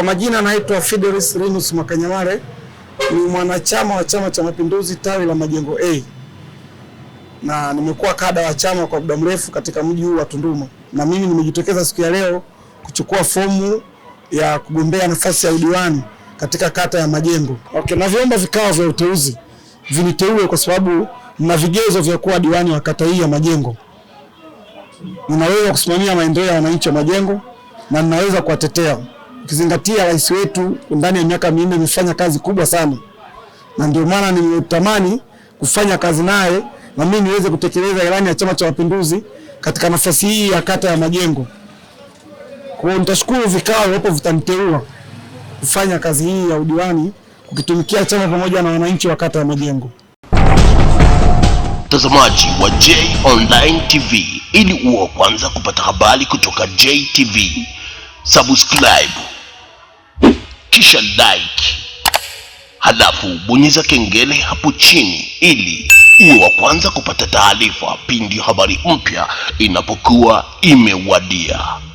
Kwa majina naitwa Fidelis Linus Makanyamare, ni mwanachama wa Chama cha Mapinduzi tawi la Majengo A na nimekuwa kada wa chama kwa muda mrefu katika mji huu wa Tunduma, na mimi nimejitokeza siku ya leo kuchukua fomu ya kugombea nafasi ya udiwani katika kata ya Majengo. Okay, na vyombo vikao vya uteuzi viniteue kwa sababu na vigezo vya kuwa diwani wa kata hii ya Majengo. Ninaweza kusimamia maendeleo ya wananchi wa Majengo na ninaweza kuwatetea ukizingatia rais wetu ndani ya miaka minne amefanya kazi kubwa sana, na ndio maana nimetamani kufanya kazi naye na mimi niweze kutekeleza ilani ya Chama cha Mapinduzi katika nafasi hii ya kata ya Majengo. Kwa nitashukuru vikao hapo vitaniteua kufanya kazi hii ya udiwani kukitumikia chama pamoja na wananchi wa kata ya Majengo. Mtazamaji wa J Online TV, ili uwe kwanza kupata habari kutoka JTV subscribe, kisha like, halafu bonyeza kengele hapo chini ili uwe wa kwanza kupata taarifa pindi habari mpya inapokuwa imewadia.